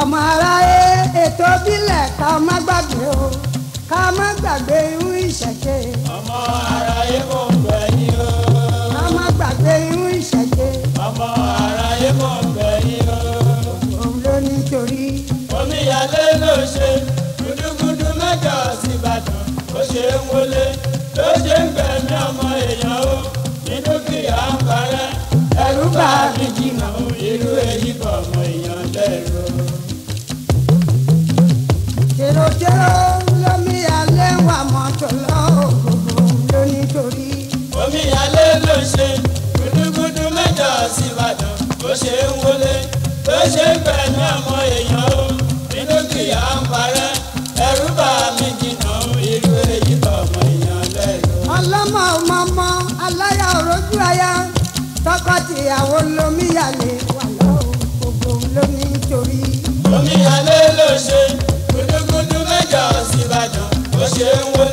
ọmọ aráyé ètò bílẹ̀ ká má gbàgbé o ká má gbàgbé irú ìṣẹ̀ṣe. ọmọ aráyé kò gbẹ̀yìn o. ká má gbàgbé irú ìṣẹ̀ṣe. ọmọ aráyé kò gbẹ̀yìn o. òun ló nítorí. omíyalé ló ṣe. wọlé ló ṣe ń gbẹ̀mí ọmọ èèyàn o ní dúkìá ń parẹ́ bá mi jìnnà o irú èyí kọ̀ ọmọ èèyàn lẹ́rù. jèròjèrò lómi alẹ́ wà mọ́tò lọ́wọ́ gbogbo lónítorí. omi alẹ́ ló ṣe gúdúgúdú mẹ́jọ síbàdàn bó ṣe ń wọlé ló ṣe ń gbẹ̀mí ọmọ èèyàn o. olómíyalé wà lọ́wọ́ gbogbo lómi torí. omíyalé ló ṣe gbódógbódó mẹ́jọ síbàdàn ó ṣe ń wọ.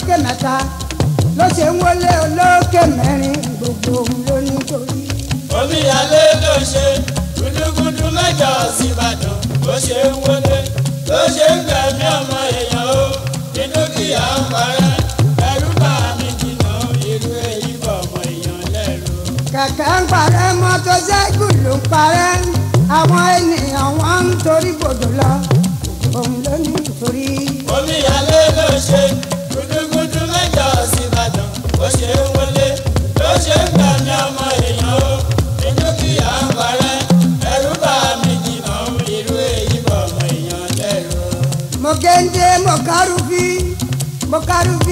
olókè mẹ́ta ló ṣe ń wọlé olókè mẹ́rin gbogbo ló ní torí. omíyalé ló ṣe gúdúgúdú mẹ́jọ síbàdàn ló ṣe ń wọlé ló ṣe ń gbẹ̀mí ọmọ èèyàn o ní dúkìá ń parẹ́ ẹrú bá mi jìnnà irú èyí bọ̀ ọmọ èèyàn lẹ́rù. kẹ̀kẹ́ ń parẹ́ mọ́tò ṣẹ́gun ló ń parẹ́ àwọn ènìyàn wọn ń torí gbòdò lọ òun ló ní torí. omíyalé ló ṣe.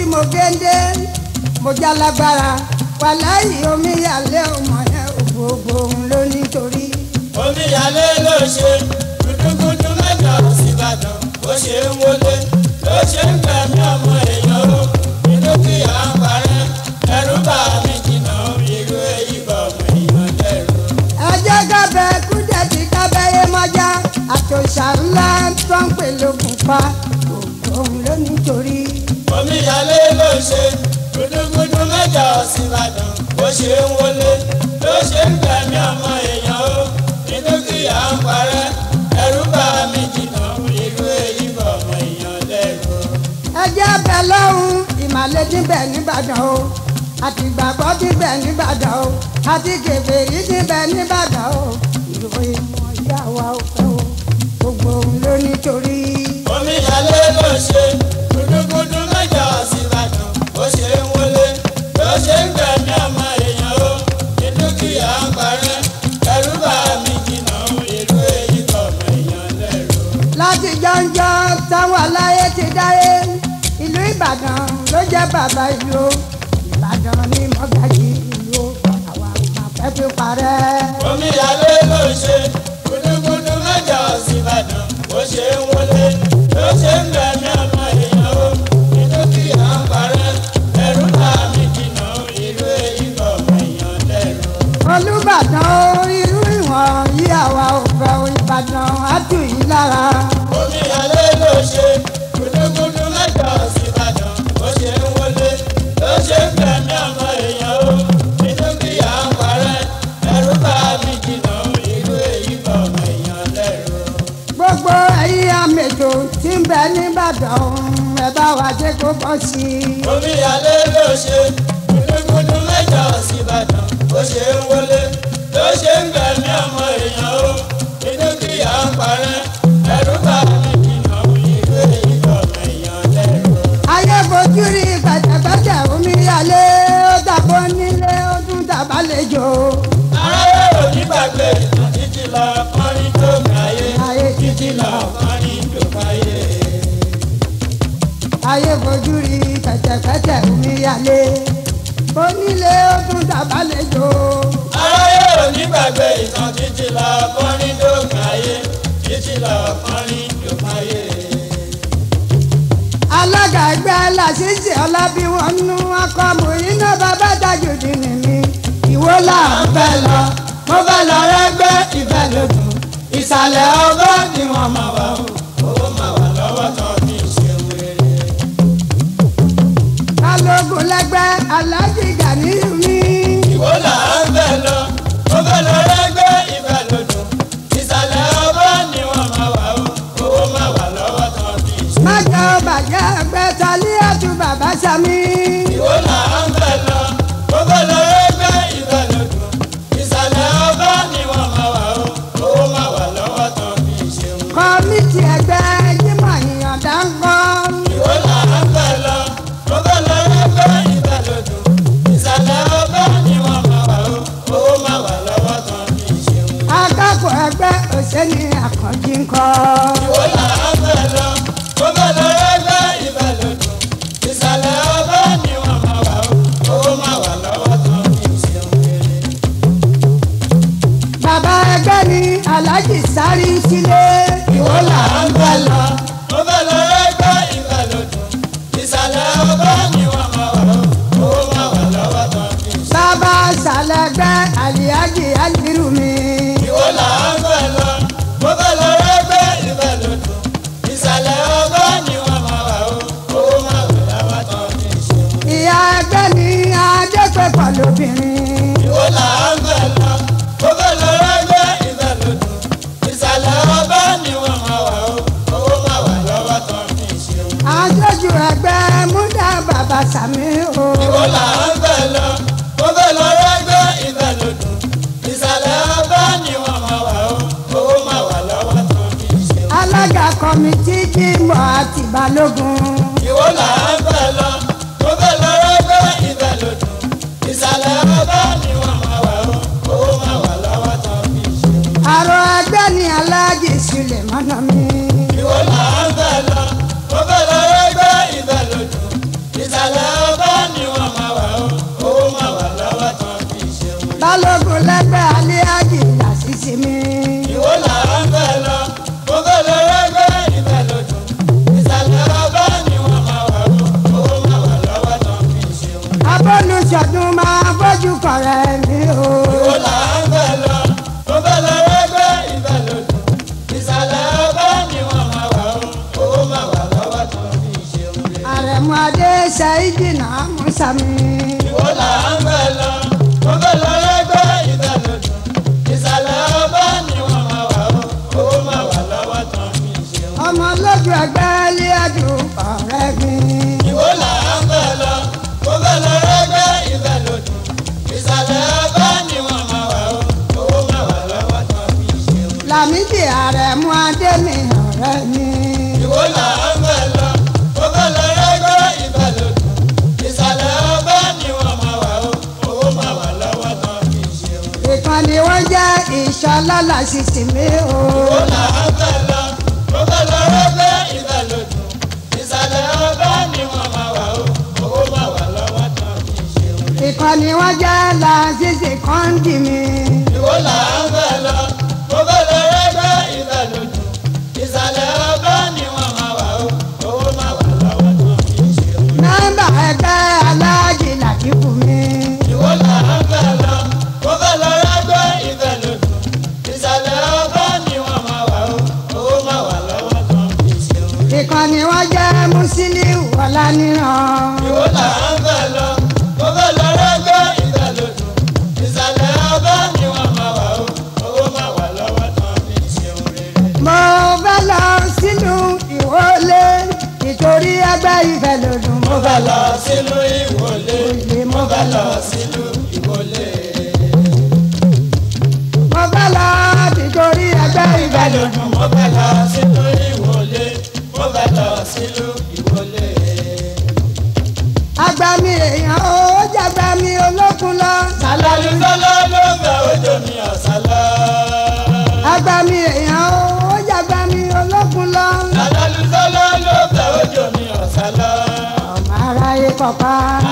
mo géńdé mo já lágbára wàláyé omíyalé ọmọ yẹn ògbógbò òun ló nítorí. omíyalé ló ṣe kùtùkùtù mẹ́ta òsínbàdàn ó ṣe ń wọlé. síbàdàn bó ṣe ń wọlé ló ṣe ń gbẹ̀mí ọmọ èèyàn o nítorí à ń parẹ́ ẹ̀rú bá mi jìnnà irú èyí bọ̀ ọmọ èèyàn lẹ́rù. ẹ jẹ́ bẹ lọ́hùn ìmàlẹ́ níbẹ̀ níbàdàn o àti ìgbàgbọ́ níbẹ̀ níbàdàn o àti gèbèrè níbẹ̀ níbàdàn o ìròyìn mọ̀ yá o gbogbo òun ló nítorí. omi ìyálé ló ṣe gúdúgúdú mẹ́jọ síbàdàn bó ṣe ń wọ ló ṣe ń gbẹ̀mí ọmọ èèyàn o ní dúkìá ń parẹ́ ẹ̀rú bá mi jìnnà ìlú èyí tọ̀mọ èèyàn lẹ́rù. láti jọ́njọ́ ti dáyé ìlú ìbàdàn ló jẹ́ bàbá ìlú ni mọ́gàjì ìlú àwa ò mà fẹ́ fi parẹ́. omi ìyálé ló ń ṣe. alẹ́ kó pọ̀ sí i. omi alẹ́ ló ṣe kúndùkúndùn mẹ́jọ síbàdàn ó ṣe ń wọlé ló ṣe ń gbẹ̀mí ọmọ ayé fojú rí pẹ̀tẹ̀pẹ̀tẹ̀ omi yálé onílé ó tún tàbálejò. aráyé ò ní gbàgbé ìtàn títí lọ fọ́nrín dókun ayé títí lọ fọ́nrín dókun ayé. alága ẹgbẹ́ làṣíṣe ọlábí wọn nú akọ mòyí náà bàbá Tajudeen ni mi ìwó là ń fẹ́ lọ mo fẹ́ lọ rẹ́gbẹ́ ìfẹ́ lòdùn ìsàlẹ̀ ọgọ́ ni wọ́n máa wà ó. rẹ́gbẹ́ aláàjì Gani mi. ìwọ là ń bẹ̀ lọ ó fẹ́ lọ rẹ́gbẹ́ ìbàlódò ìsàlẹ̀ ọba ni wọ́n máa wà ó owó máa wà lọ́wọ́ tán bí. má jẹ́ ọbàjẹ́ ẹgbẹ́ talí àtúbà bá ṣàmì. ìwọ là ń aláàjì sáré sílé. ìwọ là ń bá lọ mo fẹ́ lọ rẹ́ gbọ́ ìbàlódún ìsàlẹ̀ ọgbà ni wọ́n máa wà ó máa wà lọ́wọ́ tán. bàbá sàlẹ̀ gbẹ́ àlìyájì àlì. bàtà mi o. ìwọ là ń bẹ̀ lọ mo fẹ́ lọ rẹ́gbẹ́ ìdàlódò ìsàlẹ̀ abẹ́ ni wọ́n máa wà ó owó máa wà lọ́wọ́ tó fi ṣe. alága kọmitì Jimoh àti Balógun. ìwọ là ń bẹ̀ lọ mo fẹ́ lọ rẹ́gbẹ́ ìdàlódò ìsàlẹ̀ abẹ́ ni wọ́n máa wà ó owó máa wà lọ́wọ́ tó fi ṣe. àrò ẹgbẹ́ ni Sulemana mi. Thank you. tala la ṣe tèmi o. ìwọ́nà àtàlà mo fẹ́ lọ rẹ́gbẹ́ ìdàlódùn ìsàlẹ̀ ọba ni wọ́n máa wà o owó máa wà lọ́wọ́ tán kì í ṣe ìkànnì wọn jẹ́ la ṣíṣe kọ́ńdì mi. ìwọ́nà àtàlà. ni wọ́n jẹ́ Musiliu Ọláníran. ìwọ là ń bẹ̀ lọ mo fẹ́ lọ rẹ́gbẹ́ ìdàlódò ìsàlẹ̀ ọba ni wọ́n máa wà ó owó máa wà lọ́wọ́ tán ní ìṣeun rere. mo fẹ́ lọ sínú ìwọlé nítorí ẹgbẹ́ ìfẹ́ lòdùn. mo fẹ́ lọ sínú ìwọlé mo fẹ́ lọ sínú ìwọlé. mo fẹ́ lọ nítorí ẹgbẹ́ ìfẹ́ lòdùn. mo fẹ́ lọ sínú ìwọlé bẹ̀rọ̀ sílùú ìwọlé. agbami èèyàn ó jàgbami olókun lọ. sàlálù sọlọ ló ń bẹ ojú mi ọ̀sálọ. agbami èèyàn ó jàgbami olókun lọ. sàlálù sọlọ ló ń bẹ ojú mi ọ̀sálọ. ọmọ aráyé kọ̀ọ̀kan.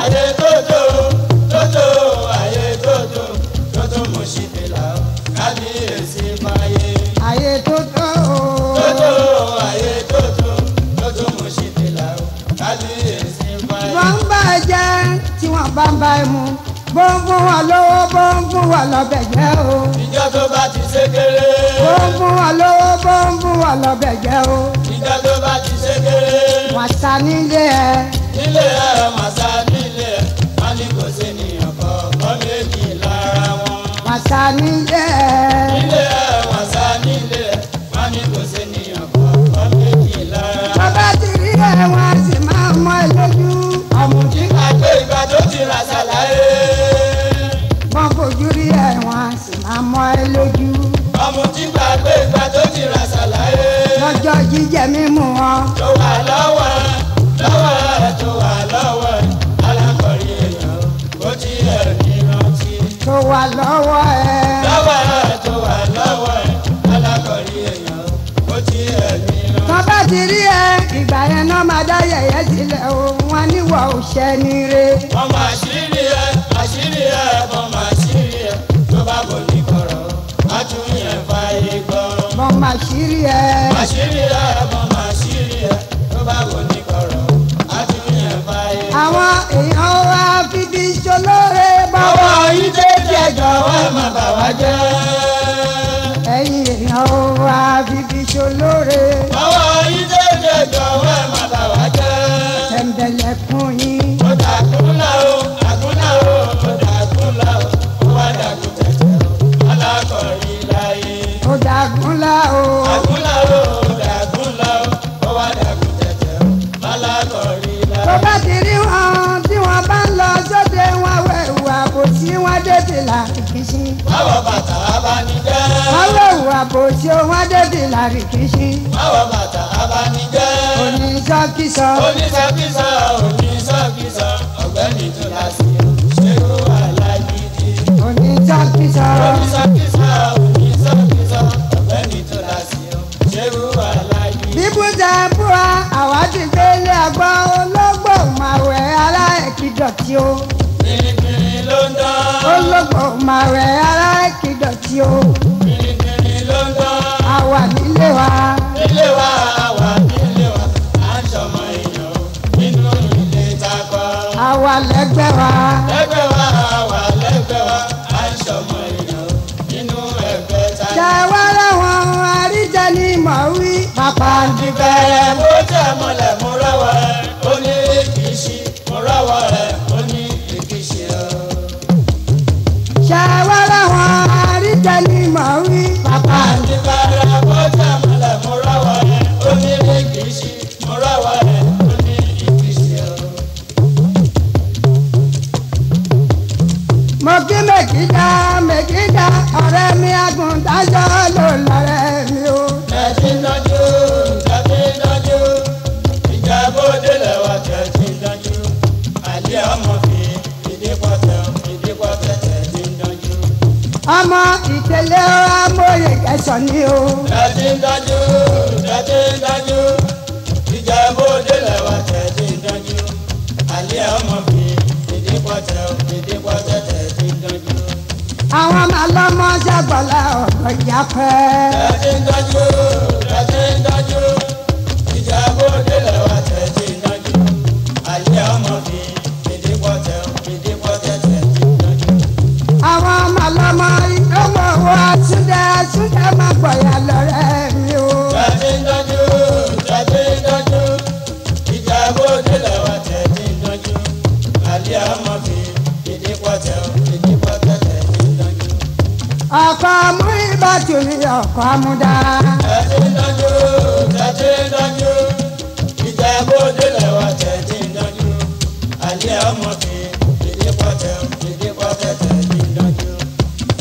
mú wa lọ́bẹ̀ jẹ́ o. ìjọ tó bá ti ṣe kéré. bó ń mú wa lówó bó ń mú wa lọ́bẹ̀ jẹ́ o. ìjọ tó bá ti ṣe kéré. màtá nílé ẹ. nílé ẹ màtá nílé ẹ wọn ní kò sí ènìyàn kan kọ́ méjì lára wọn. màtá nílé ẹ. nílé jíjẹ mímu wọn. tó wà lọ́wọ́ lọ́wọ́ tó wà lọ́wọ́ alákọ̀rí èèyàn ó ti ẹ̀ ní rántí. tó wà lọ́wọ́ ẹ. lọ́wọ́ tó lọ́wọ́ alákọ̀rí èèyàn ó ti ẹ̀ ní rántí. tó bá ti rí ẹ ìgbà yẹn náà máa dá yẹ̀yẹ́ sílẹ̀ o wọn níwọ̀ òṣèlú rẹ. wọ́n máa ṣe é. ṣírí ẹ. má ṣírí ẹ ọmọ má ṣírí ẹ ló bá wò ní kọ̀rọ̀ á ti ní ẹ̀ fáyé. àwọn èèyàn wá fi ti ṣolóore. wọ́n lè wù àbòsí ohun adébí làrìkìṣí. báwo bàtà abanijẹ́. onísọ́kísọ. onísọ́kísọ onísọ́kísọ ọ̀gbẹ́ni tó la sí ṣéwó alágídí. onísọ́kísọ. onísọ́kísọ onísọ́kísọ ọ̀gbẹ́ni tó la sí ṣéwó alágídí. bíbújẹ búra àwádìí gbélé àgbọ̀ ológbò màwẹ̀ aláìkídọ̀tí o. pìrìpìrì ló ń dán. ológbò màwẹ̀ aláìkídọ̀tí o lóńtó. a wà wa. nílé wa a wa a ń ṣọmọ èèyàn nínú wa. lẹ́gbẹ́ wa a wa a ń ṣọmọ èèyàn nínú ẹgbẹ́ takọ. ṣàwọ́ làwọn àríjẹ ni mọ̀ wí. pàpà ti bẹ̀rẹ̀ mo jẹ́ mọ́lẹ̀ mo rọ́wọ́ rẹ̀ ó wí àtibára bọ́jà mọ́lẹ̀ mo rọ́wọ́ ẹ̀ onílé kìíṣì mo rọ́wọ́ ẹ̀ oní o. mo kí mèkìdá mèkìdá ọ̀rẹ́ mi àgùntàjọ́ ló mi o. ẹtí nájú ẹtí nájú ìjà bóde lẹ́wà kẹ́tí nájú àlẹ́ ọmọ fi ìdí pọ̀tẹ́ ìdí pọ̀tẹ́ tẹ̀ ti nájú tẹ̀sán ni o. tẹ̀sí ń dájú tẹ̀sí ń dájú ìjà bóde lẹ́wà tẹ̀sí ń dájú àlẹ́ ọmọ mi fìdí pọ̀tẹ́ fìdí pọ̀tẹ́ tẹ̀sí ń àwọn ọmọ ọlọ́mọ ṣàgbọ́lá ọ̀dọ̀ ìyá pẹ́. tẹ̀sí ń dájú tẹ̀sí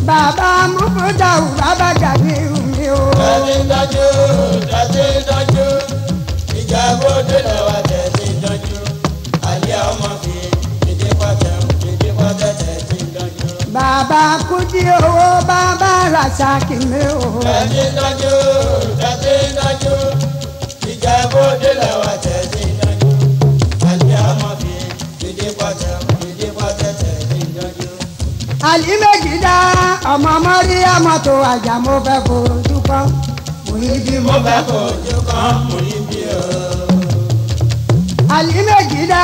bàbá mọ́kúta ò bàbá gàdí mi o. dájú dájú dájú dájú ìjà gbọ́dọ̀ lọ́wọ́ tẹ̀sí dájú àyè ọmọ fi dídí pọ́tẹ́ dídí pọ́tẹ́ tẹ̀sí dájú. bàbá kúdí owó bàbá rasaki mi o. dájú dájú dájú dájú ìjà gbọ́dọ̀ lọ́wọ́ tẹ̀sí dájú. àlímẹ́jìdá ọmọ mọ́ríyàmọ́ tó àjà mo fẹ́ fojú kan. Muyideen mo fẹ́ fojú kan Muyideen o. àlímẹ́jìdá.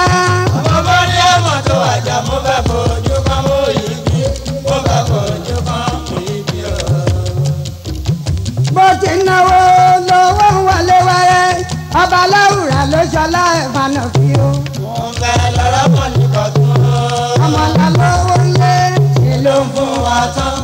ọmọ mọ́ríyàmọ́ tó àjà mo fẹ́ fojú kan Muyideen mo fẹ́ fojú kan Muyideen o. bó ti náwó lówó ń wọlé wẹ́rẹ́ ọba láwùrà ló ṣọlá ẹ̀fọn náà fi ó. mo fẹ́ lọ́rọ́ mọ̀ nípa tó. water.